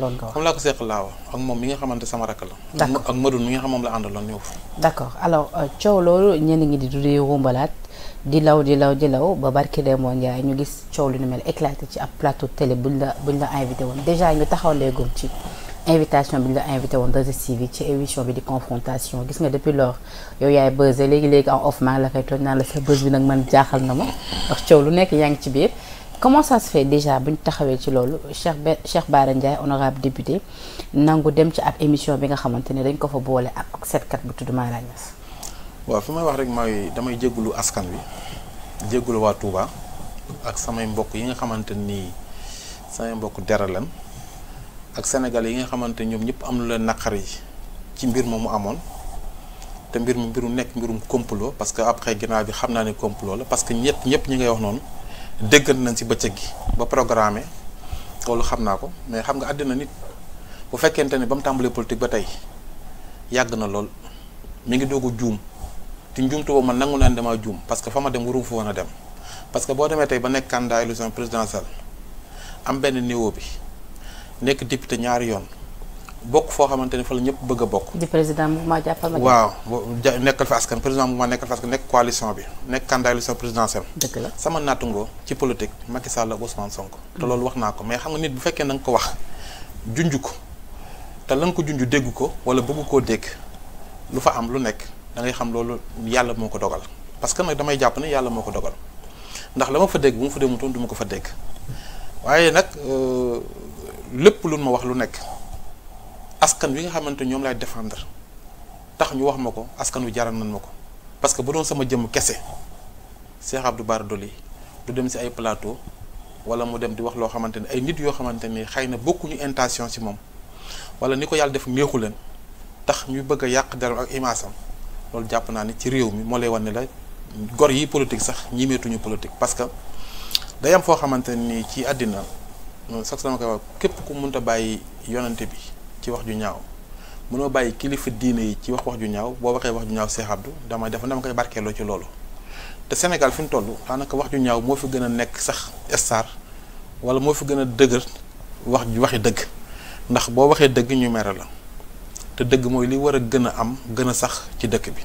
xam laa ko seq laaw ak moom mi nga xamante sama rakk la. ak Madou mi nga xam moom la àndaloon ñëw. d'accord alors euh, coow loolu ñenn ñi di tuddee wombalaat di law di law di law ba barki Demba Ndiaye ñu gis coow lu ni mel éclaté ci ab plateau télé buñ la buñ la invité woon déjà ñu taxaw ndegum ci invitation bi ñu la invité woon 2STV ci émission bi di confrontation gis nga depuis lors yow yaay buzzé léegi léegi en off maa ngi la koy toj naan la sa buzz bi nag man jaaxal na ma ndax coow lu nekk yaa ngi ci biir. comment ça se fait déjà bu ñu taxawee ci loolu Cheikh Be Cheikh Bara Ndiaye député nangu dem ci ab émission bi nga xamante ne dañ ko fa boole ak seetkat bu tudd Mara Niass. waaw fi may wax rek mooy damay jégalu askan wi jégalu waa Touba ak samay mbokk yi nga xamante ni samay mbokk dara lan ak Sénégal yi nga xamante ñoom ñëpp am lu leen naqari ci mbir mu amoon te mbir mi mbiru nekk mbirum complot parce que après ginnaaw bi xam naa ne complot la parce que ñett ñëpp ñi ngay wax noonu. déggal nañ si bëccëg gi ba programme loolu xam naa ko mais xam nga àddina nit bu fekkente ne ba mu tàmbalee politique ba tey yàgg na lool mi ngi doog a juum te njuumtu boobu ma nangu naan ne damaa juum parce que fa ma dem warum fa woon a dem parce que boo demee tey ba nekk candidat élection présidentielle am benn niveau bi nekk député ñaari yoon. bokk foo xamante ni fa la ñëpp bëgg a bokk. di président mouvement jàppal ma waaw nekkal fa askan président mouvement nekkal fa askan nekk coalition bi nekk candidat élection présidentielle. dëgg la sama nattungoo ci politique Macky Sall ak son Sonko. te loolu wax naa ko mais xam nga nit bu fekkee na nga ko wax junj ko te la nga ko junju dégg ko wala bëgg koo dégg lu fa am lu nekk da ngay xam loolu yàlla moo ko dogal parce que nag damay jàpp ne yàlla moo ko dogal ndax la ma fa dégg bu ma fa demutoon du ma ko fa dégg waaye nag euh, lépp lu ma wax lu nekk. askan wi nga xamante ñoom laay defendre tax ñu wax ma ko askan wi jaral nañ ma ko parce que bu doon sama jëmm kese Cheikh du Bara Dolly du dem si ay plateau wala mu dem di wax loo xamante ne ay nit yoo xamante ne xëy na bokkuñu intention si moom wala ni ko yàlla def neexu leen tax ñu bëgg a yàq deram ak imaasam loolu jàpp naa ne ci réew mi moo lay wan ne la gor yi politique sax ñimeetuñu politique parce que day am foo xamante nii ci àddina sax sama koy képp ku mënta bàyyi yonante bi ci wax ju ñaaw mënoo bàyyi kilifa diine yi ci wax wax ju ñaaw boo waxee wax ju ñaaw Cheikh damay dama def koy barkeeloo ci loolu te Sénégal fi mu toll daanaka wax ju ñaaw moo fi gën a nekk sax star wala moo fi gën a dëgër wax ju waxi dëgg ndax boo waxee dëgg ñu mere la te dëgg mooy li war a gën a am gën a sax ci dëkk bi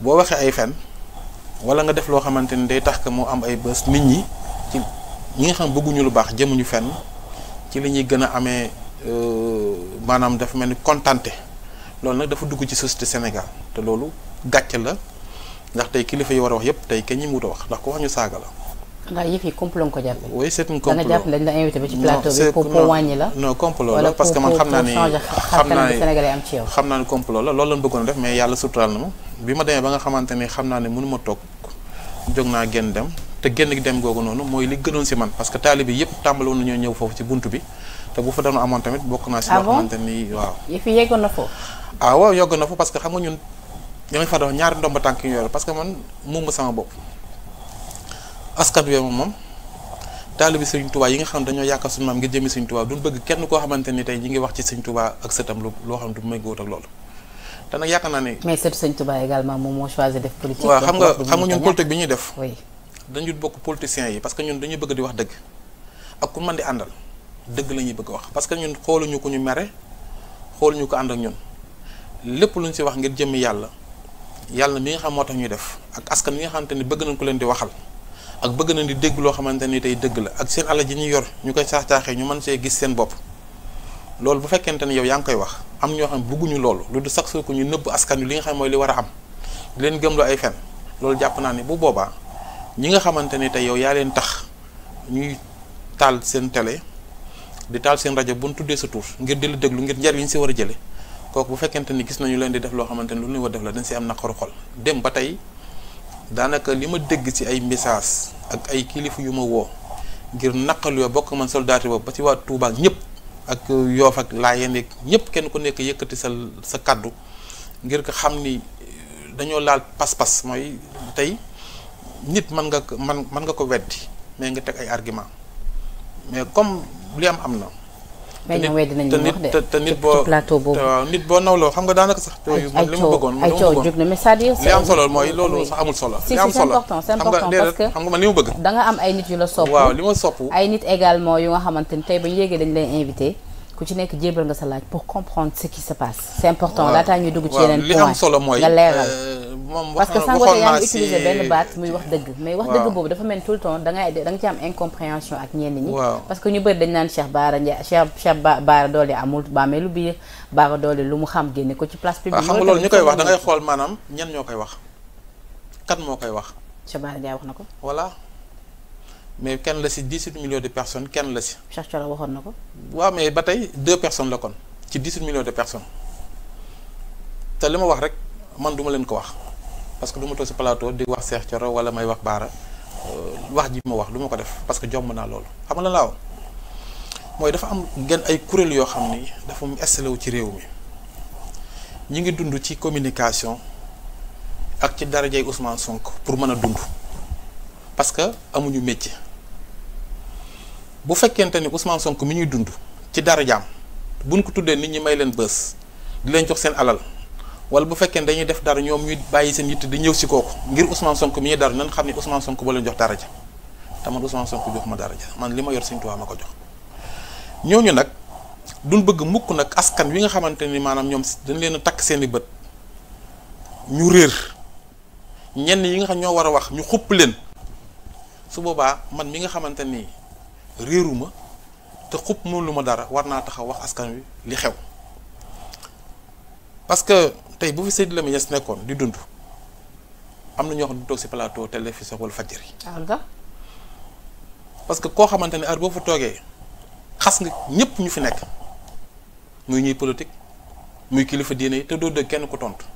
boo waxee ay fen wala nga def loo xamante ni day tax que moo am ay bës nit ñi ci ñi xam bëgguñu lu baax jëmuñu fenn ci li ñuy gën a amee Euh, maanaam dafa mel ni kontante loolu nag dafa dugg ci société Sénégal te loolu gàcce la ndax tey kilifa yi war a wax yépp tey kenn ñi mu wax ndax ko wax ñu saaga la. ndax la invité ba ci plateau bi que man xam naa ne xam naa ne xam naa ne complot la loolu lañ def mais yàlla suturaal na ma demee ba nga xamante ne xam naa ne mënu ma toog naa génn dem te génn dem googu noonu mooy li gënoon si man parce que taalibe yëpp tàmbaloon nañoo ñëw foofu ci buntu bi te bu fa dañu amoon tamit bokk naa si ah loo xamante ni waaw yëf yi yeggoon na ah, na foofu parce que xam nga ñun damay fa doon ñaari ndomba tànk yu yor parce que man muuma sama bopp askan wi moom taalibi Sëriñ Tuubaa yi nga xam ne dañoo yaakaar suñu maam ngir jëmi Sëriñ Tuubaa duñ bëgg kenn koo xamante ni tey ngi wax ci Sëriñ Tuubaa ak sëtam lu loo xam ne du may góor naa ne mais sëtu moom moo choisi def politique waaw xam nga xam nga ñun politique bi ñuy def dañu bokk politiciens yi parce que ñun dañuy bëgg di wax dëgg ak ku man di àndal dëgg la ñuy bëgg wax parce que ñun xooluñu ko ñu mere ñu ko ànd ak ñun lépp lu ñu ci wax ngir jëmmi yàlla yàlla mi nga xam moo tax ñuy def ak askan wi nga xamante ni bëgg nañ ko leen di waxal ak bëgg nañ di dégg loo xamante ni tey dëgg la ak seen alal ji ñuy yor ñu koy saax saaxee ñu mën see gis seen bopp loolu bu fekkente ne yow yaa ngi koy wax am ñoo xam bëgguñu loolu lu du sax su ko ñu nëbb askan wi li nga xam mooy li war a am di leen gëmloo ay fen loolu jàpp naa ne bu boobaa ñi nga xamante ni tey yow yaa leen tax ñuy taal seen tele di taal seen rajo bu ñu tuddee sa tur ngir di la déglu ngir njariñ si war a jële kooku bu fekkente ni gis nañu leen di def loo xamante ni lu ñu war def la dañ si am naqaru xol dem ba tey daanaka li ma dégg si ay message ak ay kilifa yu ma woo ngir naqal yoo bokk man soldaati boobu ba ci waa Touba ak ñëpp ak Yoof ak Laayeen ak ñëpp kenn ku nekk yëkkati sa sa kàddu ngir ko xam ni dañoo laal pas-pas mooy tey nit mën nga ko mën mën nga ko weddi mais nga teg ay argument mais comme li am am na. mais ñoom weddi nañu wax de te nit boo plateau boobu waaw nit boo nawloo xam nga daanaka sax. ay ay coow li am solo mooy loolu sax amul solo. li am solo parce que xam nga man li mu bëgg. da am ay nit yu la sopp waaw li ma sopp ay nit également yu nga xamante tey ba ñu yéegee dañu lay invité ku ci nekk jébbal nga sa laaj pour comprendre ce qui se passe. c'est important laataa ñuy dugg ci yeneen point nga leeral euh, moom parce que Sangote yaa baat muy wax dëgg mais wax dëgg boobu dafa mel tout le temps dangay ngay da nga ci am incompréhension ak ñenn ñi parce que ñu bëri dañ naan Cheikh Bara Ndiaye Cheikh Cheikh Bara Dolly amul bàmmeelu biir Bara Dolly lu mu xam génne ko ci place publique xam nga loolu ñu koy wax da ngay xool maanaam ñen ñoo koy wax kan moo koy wax Cheikh Bara Ndiaye wax na ko voilà mais kenn la si dix-huit millions de personnes kenn la si Cheikh Thioro waxoon na ko waaw mais ba tey deux personnes la kon ci dix-huit millions de te li ma wax rek man duma leen ko wax parce que du toog si plateau di wax Cheikh Thioro wala may wax Baara euh, wax ji ma wax lu ma ko def parce que jomb naa loolu xam nga la laaw mooy dafa am gën ay kuréel yoo xam ni dafa mu installé wu ci réew mi ñu ngi dund ci communication ak ci darajay Ousmane sonk pour mën a dund parce que amuñu métier bu fekkente ni Ousmane sonk mi ñuy dund ci darajaam buñ ko tuddee nit ñi may leen bës di leen jox seen alal. wala bu fekkee ne dañuy def dara ñoom ñuy bàyyi seen yitt di ñëw si kooku ngir Ousmane Sonko mi ñuy dara nan xam ne Ousmane Sonko ba leen jox dara ja te man Ousmane Sonko jox ma dara ja man li ma yor Sëñ Tuubaa ma ko jox ñooñu nag duñ bëgg mukk nag askan wi nga xamante ni maanaam ñoom dañ leen a takk seen ñu réer ñenn yi nga xam ñoo war a wax ñu xupp leen su boobaa man mi nga xamante ni ma te xupp moom lu ma dara war naa taxaw wax askan wi li xew tey bu fi Seydi Lamine nekkoon di dund am na ñoo xam ne toog si plateau télé fi sax fajjari. parce que koo xamante ne heure boo fa toogee xas nga ñëpp ñu fi nekk muy ñuy politique muy kilifa diine yi te doo dégg kenn ko tontu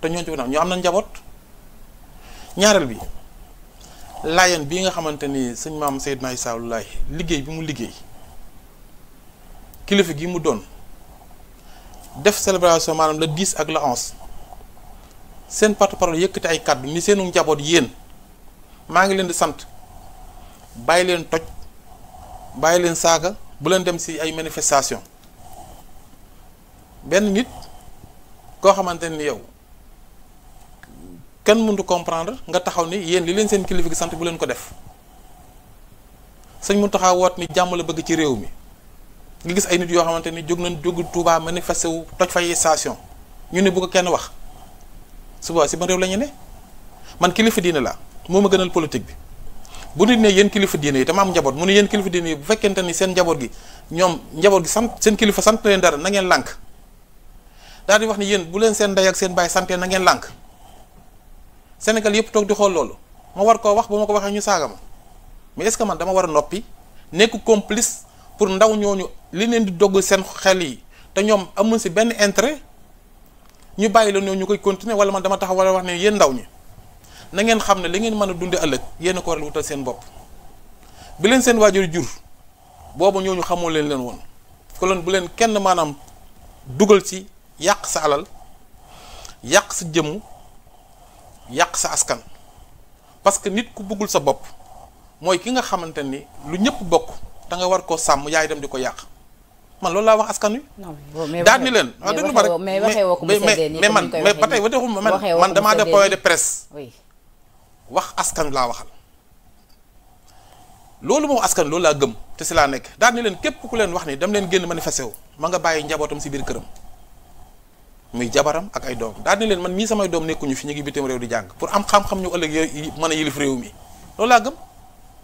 te ñooñu ci nag ñu am na njaboot ñaareel bi laayan bii nga xamante ni sëñ maam Seydina Issa Laye liggéey bi mu liggéey kilifa gi mu doon. def célébration maanaam le 10 ak le 11 seen porte-parole yëkkati ay kàddu ni seenu njaboot yéen maa ngi leen di sant bàyyi leen toj bàyyi leen saaga bu leen dem ci ay manifestation benn nit koo xamante ni yow kenn mëntu comprendre nga taxaw ni yéen li leen seen kilifa sant bu leen ko def sëñ mu taxaw woot ni jàmm la bëgg ci réew mi nga gis ay nit yoo xamante ni jóg nañ jóg Touba manifesté wu toj fay station ñu ne bu kenn wax suba si ma réew la ñu ne man kilifa diine la moo ma gënal politique bi bu nit ne yéen kilifa diine yi dama am njaboot mu ne yéen kilifa diine yi bu fekkente ni seen njaboot gi ñoom njaboot gi sant seen kilifa sant na leen dara na ngeen lànk dal di wax ni yéen bu leen seen ndey ak seen baay sante na ngeen lànk Sénégal yëpp toog di xool loolu ma war koo wax ba ma ko waxee ñu saaga mais est-ce man dama war a noppi nekk complice pour ndaw ñooñu. li leen di dogg seen xel yi te ñoom amuñ si benn intérêt ñu bàyyi la ñoo ñu koy continuer wala man dama tax wala wax ne yéen ndaw ñi na ngeen xam ne li ngeen mën a dundee ëllëg yéen a ko war a wutal seen bopp bi leen seen waajur jur boobu ñoo ñu xamoo leen leen woon ko loon bu leen kenn maanaam dugal si yàq sa alal yàq sa jëmm yàq sa askan parce que nit ku buggul sa bopp mooy ki nga xamante ni lu ñëpp bokk te nga war koo sàmm yaay dem di ko yàq man loolu laa wax askan wi. daan ni leen waaw déglu ma rek mais mais man mais ba tey waxeexuma man man damaa def point de presse. wax askan laa waxal. loolu moo askan loolu laa gëm te si laa nekk daan ni leen képp ku leen wax ni dem leen génn manifesté wu ma nga bàyyi njabootam si biir këram. muy jabaram ak ay doom daan ni leen man mii samay doom nekkuñu fi ñu ngi bitim réew di jàng pour am xam-xam ñu ëllëg yooyu mën a yilif réew mi loolu laa gëm.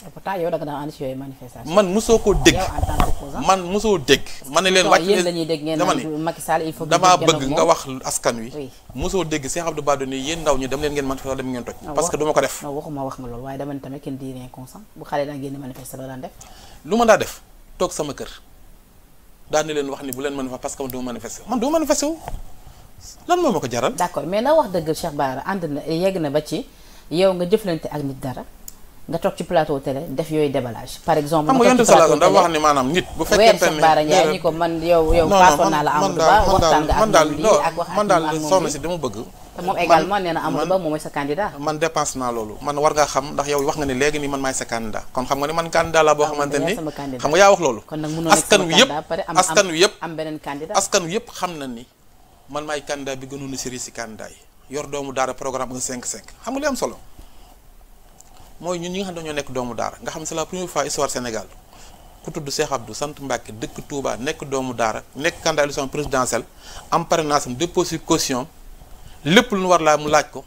pourtant yow da nga daan ànd ci yooyu manifestation. man mosoo koo dégg yow en tant qu'opposant man mosoo dégg. ma ne leen wàcc yéen la ñuy dégg ngeen naan Macky Sall il faut damaa bëgg nga wax askan wi. mosoo dégg Cheikh Abdou Bara ni yéen ndaw ñi dem leen ngeen manifester dem ngeen toj. parce que du ma ko def. non waxuma wax nga loolu waaye dama ne tamit kenn di rien consent bu xale daan génn manifester loo daan def. lu ma daa def toog sama kër daan na leen wax ni bu leen manifester parce que man du ma manifester man du ma manifester wu lan moo ma ko jaral. d'accord mais na wax dëgg Cheikh Bara ànd na yegg na ba ci yow nga jëflante ak nit dara nga toog ci plateau télé def yooyu déballage par exemple. mu toog ci plateau télé wax ni maanaam nit. bu fekkee fenn Bara Ndiaye ni ko man yow yow. la Amadou Ba moom bëgg. te moom également nee na Amadou Ba moom sa candidat. man dépense naa loolu man war nga xam ndax yow wax nga ni léegi nii man maay sa candidat kon xam nga ni man candidat la boo xamante ni xam nga yaa wax loolu. kon nag mënoo nekk yëpp am xam na ni man maay candidat bi gënoon a sérieux si candidat yi yor doomu daara programme nga xam nga li am solo mooy ñun ñi nga xam ne ñoo nekk doomu daara nga xam ne c'est la première fois histoire Sénégal ku tudd Cheikh du sant Mbacke dëkk tuubaa nekk doomu daara nekk candidat élection présidentielle am parrainage am déposé caution lépp lu ñu war laa mu laaj ko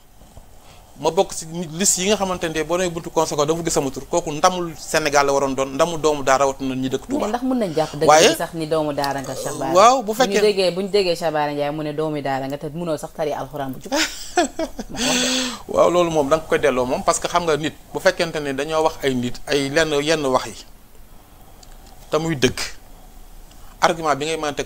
ma bokk si liste yi nga xamante ne boo demee buntu conséquence dama gis sama tur kooku ndamul Sénégal la waroon doon ndamu doomu daara wat na ñi dëkk Touba ndax mën nañ jàpp dëgg sax ni doomu daara nga Chabara waaw bu fekkee bu ñu déggee Chabara Ndiaye mu ne doomu daara nga te mënoo sax tari alxuraan bu jub waaw loolu moom da nga koy delloo moom parce que xam nga nit bu fekkente ne dañoo wax ay nit ay lenn yenn wax yi te muy dëgg argument bi ngay a